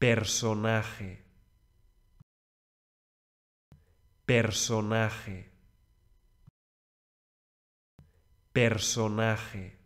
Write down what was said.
personaje, personaje, personaje.